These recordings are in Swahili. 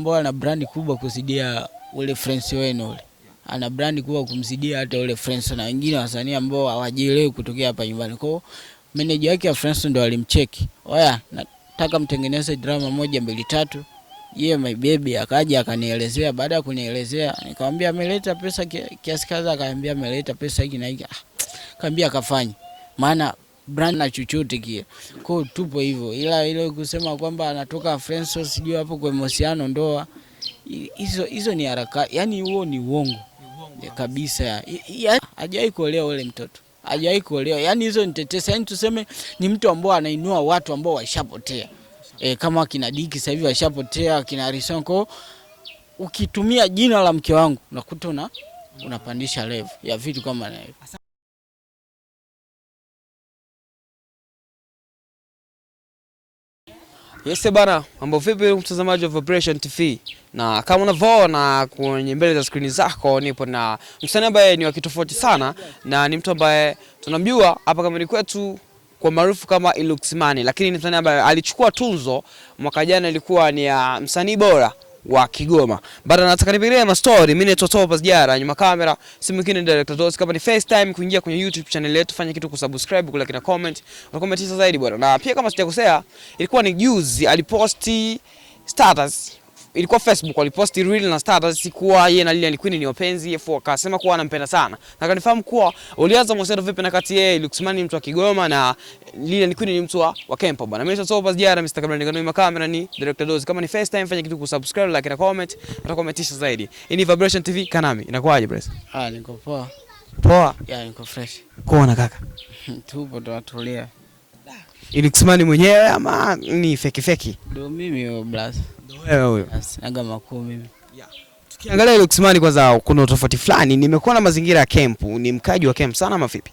Mbona ana brandi kubwa kusidia ule France wenu ule. Ana brandi kubwa kumsidia hata ule France na wengine wasanii ambao hawajielewi kutokea hapa nyumbani. Kwa hiyo meneja wake wa France ndo alimcheki. Oya, nataka mtengeneze drama moja mbili tatu. Yeye my baby akaja akanielezea, baada ya kunielezea nikamwambia ameleta pesa kiasi kadha, akaambia ameleta pesa hiki na hiki. Ah, kaambia akafanya. Maana brand na chochote kile. Kwa hiyo tupo hivyo, ila ile kusema kwamba anatoka Frenso sijui hapo kwa mahusiano ndoa, hizo hizo ni haraka, yani huo ni uongo kabisa. Yaani hajawahi kuolewa ule mtoto, hajawahi kuolewa, yani hizo ni tetesi. Yani tuseme ni mtu ambao anainua watu ambao washapotea e, kama kina Diki sasa hivi waishapotea, kina Risonko. Ukitumia jina la mke wangu unakuta una unapandisha level ya vitu kama na hivyo. Yes bana, mambo vipi mtazamaji wa Vibration TV? Na kama unavyoona kwenye mbele za skrini zako nipo na msanii ambaye ni wa kitofauti sana na ni mtu ambaye tunamjua hapa kama kwetu kwa maarufu kama Iluxman, lakini ni msanii ambaye alichukua tunzo mwaka jana, ilikuwa ni ya msanii bora wa Kigoma. Bado natakaribiria ma story, mimi ni Toto Pazjara, nyuma kamera si mwingine director Tosi. Kama ni first time kuingia kwenye YouTube channel yetu, fanya kitu kusubscribe, kula kina comment, una comment zaidi bwana. Na pia kama sijakosea, ilikuwa ni juzi aliposti status ilikuwa Facebook waliposti reel na status, sikuwa yeye na Lilian Queen ni wapenzi, afu akasema kuwa anampenda sana, na kanifahamu kuwa ulianza mahusiano vipi na kati yeye Luxman, mtu wa Kigoma, na Lilian Queen ni mtu wa Kempo bwana. Mimi sasa hapa sijara Mr. Kabla nikanoe makamera ni director Dozi. Kama ni first time, fanya kitu kusubscribe, like na comment, na utakomentisha zaidi. Hii ni Vibration TV Kanami, inakuaje bro? Ah, niko poa. Poa? Yeah, niko fresh. Kuona kaka. Tupo tu atulia. Ili mwenyewe ama ni feki feki? Ndio mimi huyo brother. Ndio wewe huyo. Naga makuu mimi. Tukiangalia Ili kwanza kuna tofauti fulani. Nimekuwa na mazingira ya kempu, ni mkaji wa kempu sana ama vipi?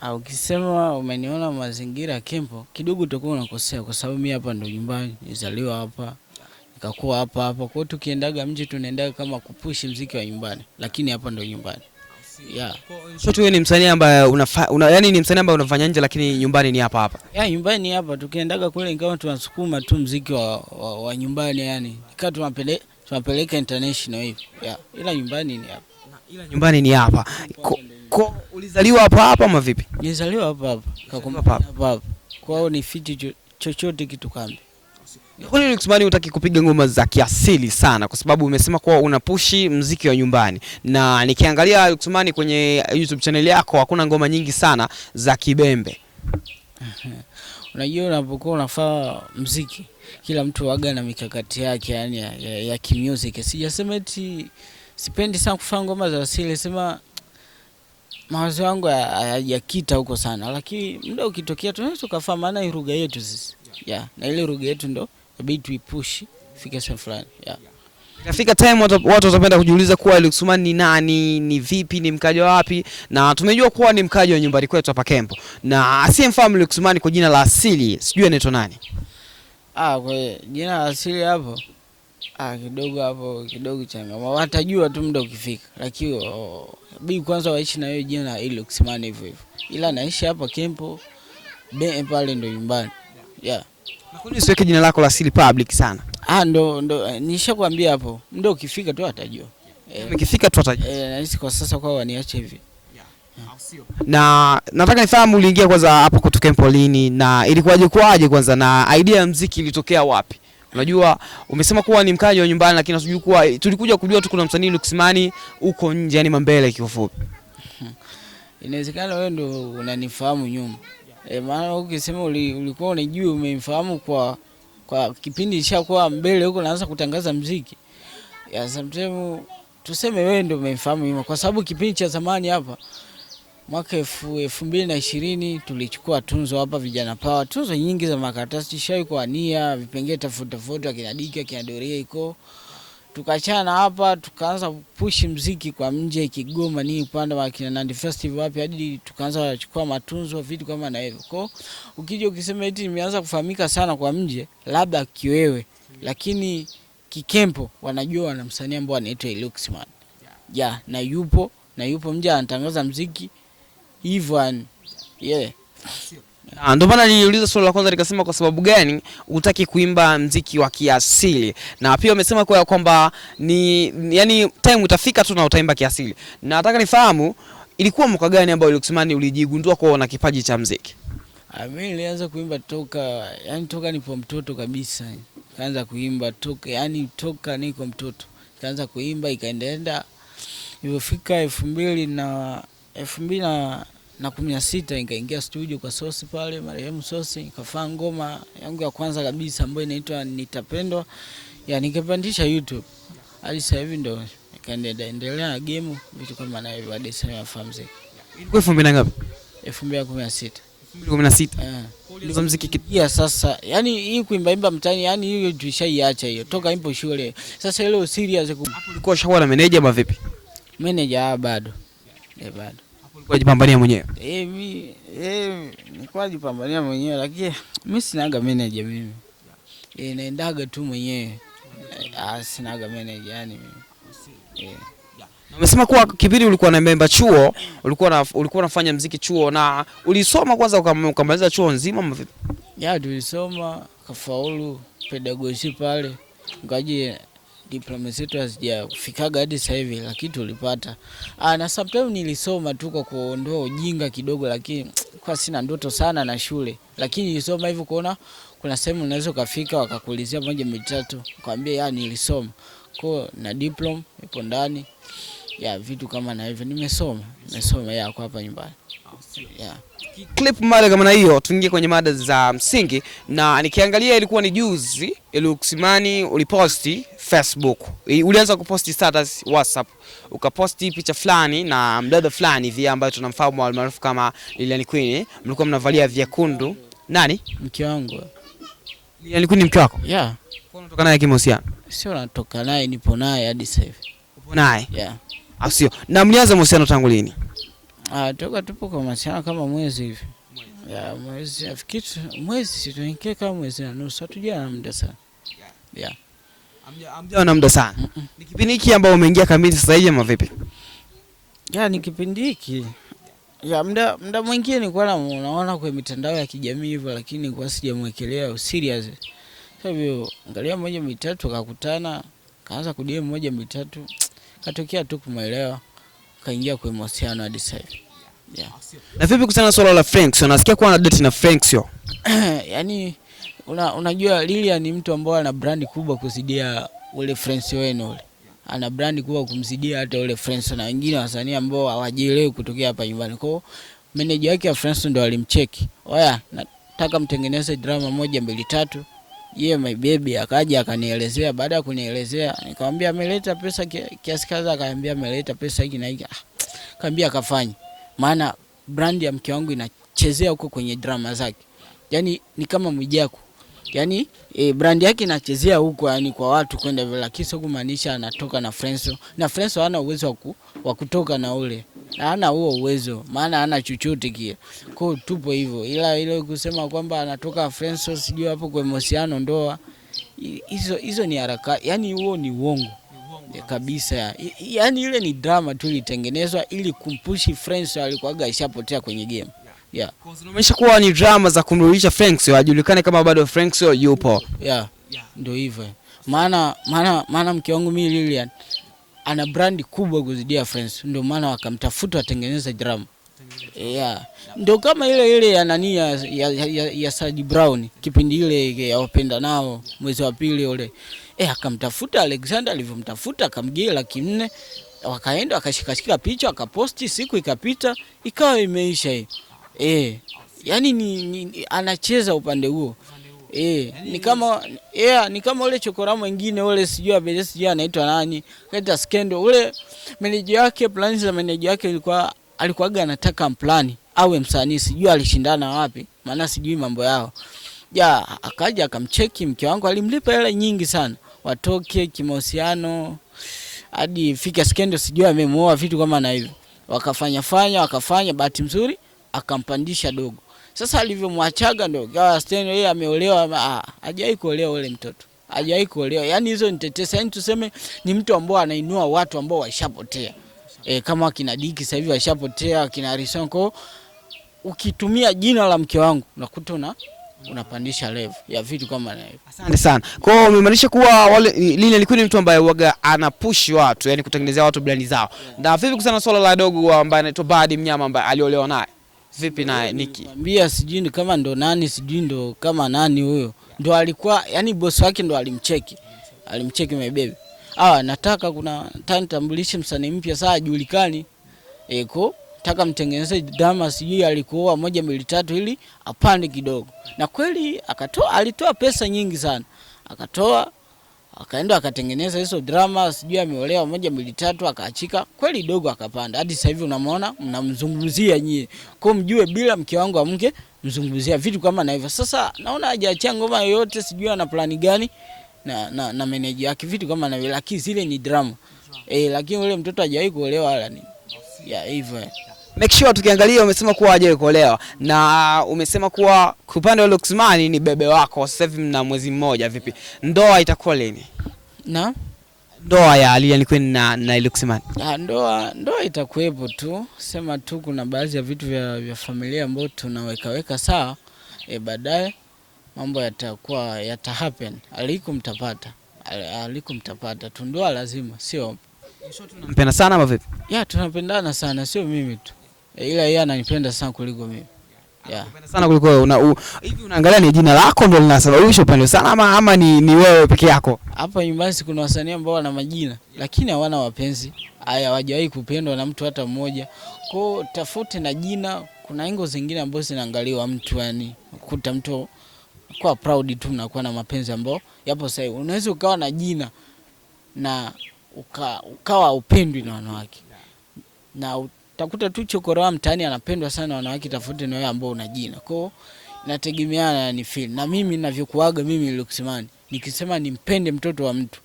Au ah, ukisema umeniona mazingira ya kempu, kidogo utakuwa unakosea kwa sababu mimi hapa ndo nyumbani, nizaliwa hapa. Nikakuwa hapa hapa. Kwa hiyo tukiendaga mji tunaendaga kama kupushi mziki wa nyumbani, lakini hapa ndo nyumbani. Yeah. Short wewe ni msanii ambaye unafa una, yani ni msanii ambaye unafanya nje lakini nyumbani ni hapa hapa. Yeah, nyumbani ni hapa tukiendaga kule ingawa tunasukuma tu mziki wa, wa, wa nyumbani yani. Ikawa tunapele tunapeleka international hivi. Yeah. Ila nyumbani ni hapa. Ila nyumbani ni hapa. Ko, ko ulizaliwa hapa hapa ama vipi? Nilizaliwa hapa hapa. Kakumba hapa hapa. Kwao ni fiti chochote kitu kambi. Kwa nini Luxman hutaki kupiga ngoma za kiasili sana? Kwa sababu umesema kuwa unapushi mziki wa nyumbani, na nikiangalia Luxman kwenye YouTube channel yako hakuna ngoma nyingi sana za kibembe. Unajua, unapokuwa unafaa mziki, kila mtu waga na mikakati yake, yani ya, ya, ya kimusic. Sijasema eti sipendi sana kufanya ngoma za asili, sema mawazo yangu hayajakita huko sana, lakini muda ukitokea tunaweza tukafaa, maana lugha yetu sisi yeah. yeah. na ile lugha yetu ndo inabidi tuipush fika sehemu fulani yeah. Nafika time watu watapenda kujiuliza kuwa Ally Xuman ni nani, ni vipi, ni mkaji wapi, na tumejua kuwa ni mkaji wa nyumbani kwetu hapa Kembo, na asiyemfahamu Ally Xuman kwa jina la asili sijui anaitwa nani? Ah, kwa jina la asili hapo ah, kidogo hapo kidogo changamoto, watajua tu muda ukifika, lakini oh, bii kwanza waishi na hiyo jina la Ally Xuman hivyo hivyo, ila naishi hapa Kembo pale ndo nyumbani yeah. Na kwa siweke jina lako la siri public sana? Ah, ndo ndo eh, nishakwambia hapo. Ndo ukifika tu atajua. Eh, ukifika tu atajua. Eh, nahisi kwa sasa kwa waniache hivi. Eh. Na nataka nifahamu uliingia kwanza hapo kutokea polini na ilikuwaje kwaje kwanza na idea ya muziki ilitokea wapi? Unajua umesema kuwa ni mkaji wa nyumbani lakini nasijui kuwa tulikuja kujua tu kuna msanii Luxmani huko nje yani Mambele kiufupi. Inawezekana wewe ndio unanifahamu nyuma. E, maana ukisema ulikuwa unijui umemfahamu kwa, kwa kipindi cha kwa mbele huko naanza kutangaza mziki ya sometimes tuseme wewe ndio umemfahamu, kwa sababu kipindi cha zamani hapa mwaka elfu mbili na ishirini tulichukua tunzo hapa Vijana Power, tunzo nyingi za makaratasi shai kwa nia vipengee tofauti tofauti, akina Diki akina Doria iko tukachana hapa, tukaanza pushi mziki kwa mje Kigoma, ni upande wa kina Nandi Festival wapi, hadi tukaanza kuchukua matunzo vitu kama na hivyo. Kwa ukija ukisema eti nimeanza kufahamika sana kwa mje, labda kiwewe, lakini kikempo wanajua wana msanii ambao anaitwa Luxman ya yeah, na yupo na yupo mje anatangaza mziki hivyo yeah. Ndio maana niliuliza swali la kwanza nikasema kwa sababu gani utaki kuimba mziki wa kiasili, na pia wamesema kwa kwamba ni yani, time utafika tu na utaimba kiasili, na nataka nifahamu ilikuwa mwaka gani ambao ulikusimani ulijigundua kwa na kipaji cha mziki? Ah, mimi nilianza kuimba toka yani, toka nipo mtoto kabisa, kaanza kuimba toka yani, toka niko mtoto kaanza kuimba, ikaendaenda ilivyofika elfu mbili na elfu mbili na na kumi na sita nikaingia studio kwa Sosi pale, marehemu Sosi, nikafaa ngoma yangu ya kwanza kabisa ambayo inaitwa Nitapendwa, ya nikapandisha YouTube hadi sasa hivi ndo nikaendelea na game vitu kama na hivyo hadi sasa nafahamu muziki. Ilikuwa elfu mbili na ngapi? elfu mbili na kumi na sita ya eh. sasa, yani hii kuimba imba mtaani, yani hiyo tulishaiacha hiyo toka ipo shule. Sasa ile serious. Hapo ulikuwa shawa na manager ama vipi? Manager ah, bado. Eh, bado. Unajipambania mwenyewe? Eh, mimi eh nilikuwa najipambania mwenyewe lakini mimi sinaga manager mimi. Eh, naendaga tu mwenyewe. Ah, sinaga manager yani mimi. Eh. Umesema kuwa kipindi ulikuwa na memba chuo, ulikuwa na ulikuwa unafanya mziki chuo na ulisoma kwanza ukamaliza chuo nzima mvipi? Ya, tulisoma kafaulu pedagogy pale. ngaji diploma zetu hazijafikaga hadi sasa hivi, lakini tulipata. Ah, na sometimes nilisoma tu kwa kuondoa ujinga kidogo, lakini kwa sina ndoto sana na shule, lakini nilisoma hivyo kuona kuna sehemu unaweza ukafika wakakuulizia moja mitatu, kwambia ya nilisoma kwao na diploma ipo ndani ya vitu kama na hivyo. Nimesoma, nimesoma ya kwa hapa nyumbani. Oh, yeah. Clip mara kama na hiyo, tuingie kwenye mada za msingi, na nikiangalia ilikuwa ni juzi ilikusimani, uliposti Facebook, ulianza kuposti status WhatsApp, ukaposti picha fulani na mdada fulani hivi ambaye tunamfahamu almaarufu kama Lilian Queen, mlikuwa mnavalia vyekundu. Nani? Mke wangu. Lilian Queen mke wako? Yeah. Kwa unatoka naye kimahusiano? Sio, natoka naye, nipo naye hadi sasa hivi. Upo naye? Yeah au sio? Na mlianza mahusiano tangu lini? Ah, toka tupo kwa mahusiano kama mwezi hivi. Ya mwezi afikiri mwezi situingie kama mwezi na nusu. na muda sana. Ya. Yeah. na muda sana. Ni kipindi hiki ambao umeingia kamili sasa hivi ama vipi? Ya ni kipindi hiki. Ya muda muda mwingine nilikuwa na naona kwa mitandao ya kijamii hivyo lakini kwa sijamwekelea serious. Sasa hivyo angalia moja mitatu akakutana, kaanza kudia moja mitatu katokea tu kumaelewa, kaingia kwa mahusiano hadi sasa hivi. Yeah. Na vipi kusana swala la Frank? Sio Nasikia kuwa date na Frank sio? Yaani una, unajua Lilia ni mtu ambaye ana brandi kubwa kuzidia ule Frankso wenu ule. Ana brandi kubwa kumzidia hata ule Frankso na wengine wasanii ambao hawajielewi kutokea hapa nyumbani. Kwa meneja wake ya Frankso ndo alimcheki. Oya, nataka mtengeneze drama moja mbili tatu ye my baby akaja akanielezea. Baada ya kunielezea, nikamwambia ameleta pesa kiasi kadhaa, akaambia ameleta pesa hiki na hiki. Ah, Kaambia akafanye, maana brand ya mke wangu inachezea huko kwenye drama zake, yani ni kama Mwijaku yani e, brand yake inachezea huko yani kwa watu kwenda vile, lakini sio kumaanisha anatoka na Frenso na Frenso hana uwezo wa kutoka na ule hana huo uwezo, maana hana chochote kile. Kwa hiyo tupo hivyo, ila ile kusema kwamba anatoka Frenso sijui hapo kwa mahusiano ndoa, hizo hizo ni haraka, yani huo ni uongo eh, kabisa Yani ile ni drama tu ilitengenezwa ili kumpushi Frenso, alikuwaga ishapotea kwenye game. Yeah. Unaonyesha kuwa ni drama za kumrudisha Franks ajulikane kama bado Franks yupo. Yeah. Yeah. Ndio hivyo. Maana maana maana mke wangu mimi Lilian ana brandi kubwa kuzidia Franks. ndio maana wakamtafuta atengeneze drama. Yeah. Ndio kama ile ile ya nani ya, ya, ya, ya Saji Brown kipindi ile ya wapenda nao mwezi wa pili ule. Eh, akamtafuta Alexander alivyomtafuta akamgia laki nne wakaenda wakashikashika picha wakaposti, siku ikapita ikawa imeisha hii eh, yani ni, ni, anacheza upande huo eh, yani ni kama yeah, ni kama ule chokora mwingine ule sijui sijui anaitwa nani kaita skendo ule meneja yake plani za meneja yake ilikuwa alikuwaga anataka mplani awe msanii, sijui alishindana wapi, maana sijui mambo yao ja, akaja akamcheki mke wangu, alimlipa hela nyingi sana, watoke kimahusiano hadi fika skendo, sijui amemuoa vitu kama na hivyo, wakafanya fanya wakafanya, bahati mzuri akampandisha dogo. Sasa alivyomwachaga ndo gawa Steno, yeye ameolewa, ah, hajawahi kuolewa ule mtoto. Hajawahi kuolewa. Yani hizo nitetesa, yani tuseme ni mtu ambao anainua watu ambao waishapotea. E, kama kina Diki sasa hivi waishapotea, kina Risonko ukitumia jina la mke wangu unakuta una unapandisha level ya vitu kama na hivyo. Asante sana. Kwa hiyo umemaanisha kuwa wale lile alikuwa ni mtu ambaye waga anapush watu, yani kutengenezea watu brand zao. Yeah. Na vipi kusana swala la dogo ambaye anaitwa Badi mnyama ambaye aliolewa naye? vipi naye Niki mbia, sijui kama ndo nani, sijui ndo kama nani huyo, ndo alikuwa yani bosi wake ndo alimcheki, alimcheki my baby, ah, nataka kuna tambulishe msanii mpya, saa ajulikani eko taka mtengeneze drama, sijui alikuoa moja mbili tatu, ili apande kidogo. Na kweli akatoa, alitoa pesa nyingi sana, akatoa akaenda akatengeneza hizo drama, sijui ameolewa moja mbili tatu, akaachika kweli, dogo akapanda hadi sasa hivi unamwona, mnamzungumzia nyie. Kwa mjue bila mke wangu wa mke mzungumzia vitu kama na hivyo. Sasa naona hajaachia ngoma yoyote, sijui ana plani gani na na, na meneja yake vitu kama na, lakini zile ni drama eh, lakini ule mtoto hajawahi kuolewa wala nini ya hivyo make sure tukiangalia, umesema kuwa aje kuolewa na umesema kuwa upande wa Luxman ni bebe wako, sasa hivi mna mwezi mmoja. Vipi, ndoa itakuwa lini? na ndoa ya Ally Queen na, na Luxman ah, ndoa ndoa itakuwepo tu, sema tu kuna baadhi ya vitu vya, vya familia ambayo tunawekaweka sawa, e, baadaye mambo yatakuwa yata happen. Aliku mtapata aliku mtapata tu, ndoa lazima, sio? mpenda sana ama vipi? Ya, tunapendana sana, sio mimi tu ila yeye ananipenda sana kuliko mimi. Yeah. Sana kuliko wewe. Una hivi unaangalia ni jina lako ndio linasababisha upendo sana ama ama ni, ni wewe peke yako? Hapa nyumbani kuna wasanii ambao wana majina lakini hawana wapenzi. Haya hawajawahi kupendwa na mtu hata mmoja. Kwa tafute na jina, kuna engo zingine ambazo zinaangaliwa mtu yani kuta mtu kwa proud tu na kuwa na mapenzi ambao yapo sahihi. Unaweza ukawa na jina na uka, ukawa upendwi na wanawake. Na utakuta tu chokoraa mtaani anapendwa sana wanawake tofauti na wewe ambao una jina. Kwa hiyo inategemeana ni feel. Na mimi ninavyokuaga mimi Luxman, nikisema nimpende mtoto wa mtu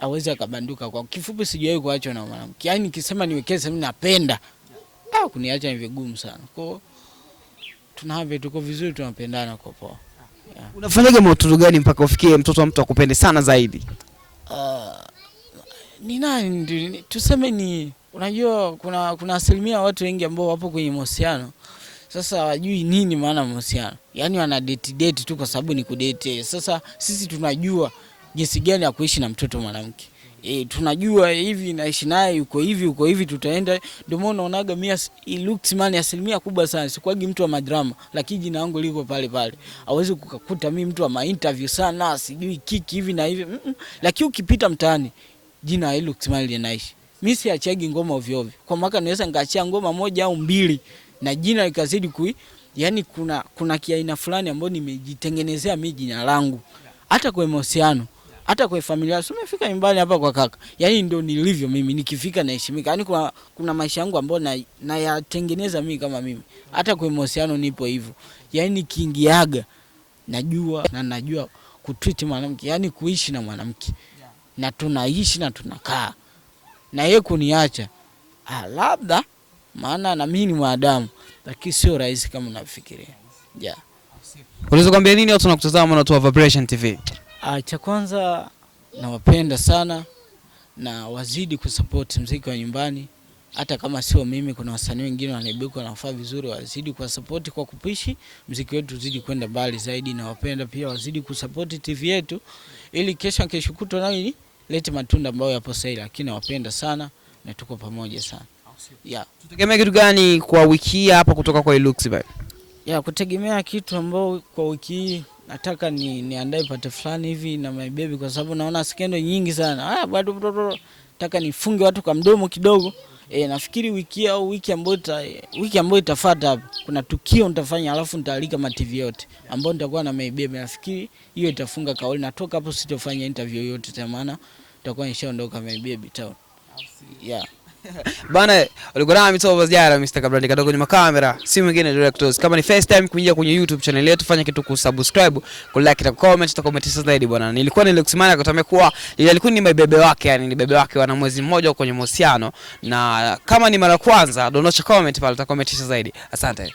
aweze akabanduka. Kwa kifupi, sijawahi kuachwa na mwanamke. Yaani nikisema niwekeze mimi napenda. Ah, kuniacha ni vigumu sana. Kwa hiyo tunahave tuko vizuri, tunapendana kwa poa. Yeah. Unafanyaje mtoto gani mpaka ufikie mtoto wa mtu akupende sana zaidi? Uh, ni nani tuseme ni unajua kuna, kuna asilimia watu wengi ambao wapo kwenye mahusiano sasa wajui nini maana mahusiano, yaani wana date date tu kwa sababu ni kudate. Sasa sisi tunajua jinsi gani ya kuishi na mtoto mwanamke e, tunajua hivi naishi naye uko hivi uko hivi, tutaenda. Ndio maana unaonaga mia looks man, asilimia kubwa sana sikwagi mtu wa madrama, lakini jina langu liko pale pale. Hawezi kukakuta mimi mtu wa interview sana, sijui kiki hivi na hivi mm -mm. Lakini ukipita mtaani jina looks man linaishi mimi siachagi ngoma ovyo ovyo. Kwa mwaka naweza nikaachia ngoma moja au mbili na jina likazidi kui, yani kuna kuna kiaina fulani ambayo nimejitengenezea mimi jina langu. Hata kwa mahusiano, hata kwa familia, sio umefika nyumbani hapa kwa kaka. Yani ndio nilivyo mimi, nikifika naheshimika. Yani kuna kuna maisha yangu ambayo nayatengeneza na mimi kama mimi. Hata kwa mahusiano nipo hivyo. Yani nikiingiaga najua na najua kutreat mwanamke, yani kuishi na mwanamke. Na tunaishi na tunakaa na yeye kuniacha ah, labda maana na mimi ni mwanadamu, lakini sio rahisi kama unafikiria yeah. Unaweza kuambia nini watu wanakutazama na tu Vibration TV? Ah, cha kwanza nawapenda sana na wazidi kusupport mziki wa nyumbani, hata kama sio mimi, kuna wasanii wengine wanaibuka wanafaa vizuri, wazidi kuwasapoti kwa kupishi mziki wetu uzidi kwenda mbali zaidi. Nawapenda pia, wazidi kusupport TV yetu ili kesho kesho kutwa nao leti matunda ambayo yapo sahihi, lakini nawapenda sana na tuko pamoja sana. Yeah. Tutegemea kitu gani kwa wiki hii hapa kutoka kwa Ilux bhai? Yeah, kutegemea kitu ambao kwa wiki hii nataka ni niandae pate fulani hivi na my baby kwa sababu naona skendo nyingi sana. Ah, bado nataka nifunge watu kwa mdomo kidogo. E, nafikiri wiki au wiki ambayo ita, wiki ambayo itafuata hapa kuna tukio nitafanya, alafu nitaalika ma TV yote ambao nitakuwa na my baby. Nafikiri hiyo itafunga kauli. Natoka hapo sitofanya interview yote tena maana itakuwa nishaondoka my baby town. Yeah. Bana, ulikuwa nami Toba Zara, Mr. Kabrandi kadogo kwenye kamera, si mwingine directors. Kama ni first time kuingia kwenye YouTube channel yetu, fanya kitu kusubscribe, ku like na ku comment, tutakomenti zaidi bwana. Nilikuwa nilikusimama akatamia kuwa alikuwa ni bebe wake, yani ni bebe wake, wana mwezi mmoja kwenye mahusiano, na kama ni mara kwanza, dondosha comment pale, tutakomenti zaidi. Asante.